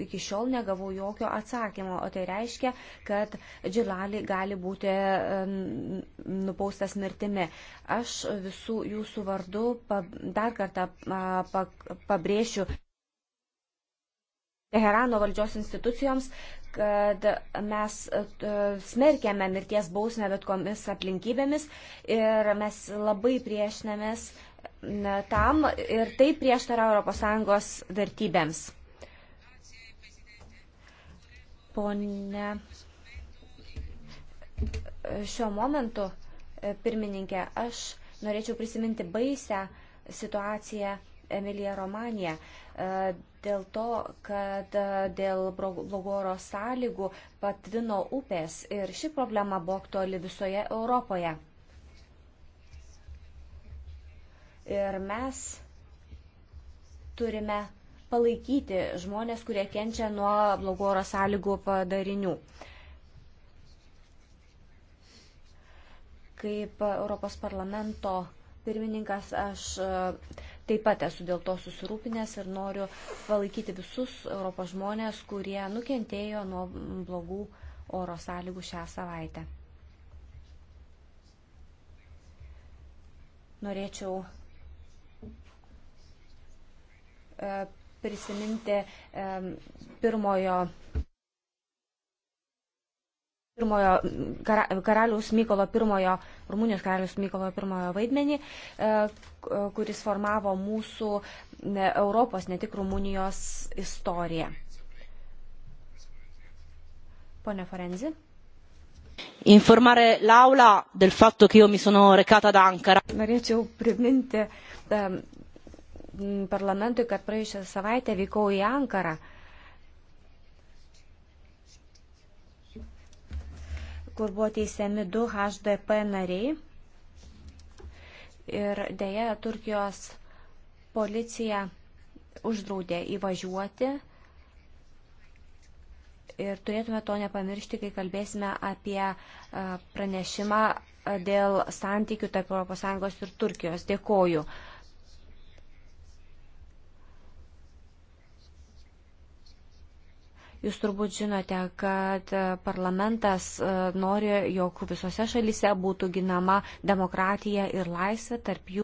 iki šiol negavau jokio atsakymo, o tai reiškia, kad Džilali gali būti nupaustas mirtimi. Aš visų jūsų vardų dar kartą pabrėšiu Teherano valdžios institucijoms, kad mes e, smerkėme mirties bausmę bet komis aplinkybėmis ir mes labai priešinamės tam ir tai prieštara ES vertybėms. Pone, šiuo momentu, e, pirmininkė, aš norėčiau prisiminti baisę situaciją Emilija Romanija. E, dėl to, kad e, dėl blogoro sąlygų patvino upės ir ši problema buvo aktuali visoje Europoje. Ir mes turime palaikyti žmonės, kurie kenčia nuo blogo oro sąlygų padarinių. Kaip Europos parlamento pirmininkas, aš e, taip pat esu dėl to susirūpinęs ir noriu palaikyti visus Europos žmonės, kurie nukentėjo nuo blogų oro sąlygų šią savaitę. Norėčiau e, prisiminti pirmojo, pirmojo karaliaus Mykolo pirmojo, Rumunijos karaliaus Mykolo pirmojo vaidmenį, e, kuris formavo mūsų Europos, ne tik Rumunijos istoriją. Pone Forenzi. Informare l'Aula del fatto che io mi sono recata ad Ankara. Norėčiau priminti parlamentui, kad praėjusią savaitę vykau į Ankarą. kur buvo teisiami du HDP nariai. Ir dėja, Turkijos policija uždraudė įvažiuoti. Ir turėtume to nepamiršti, kai kalbėsime apie pranešimą dėl santykių tarp ES ir Turkijos. Dėkoju. Jūs turbūt žinote, kad e, parlamentas e, nori, jog visose šalyse būtų ginama demokratija ir laisvė tarp jų.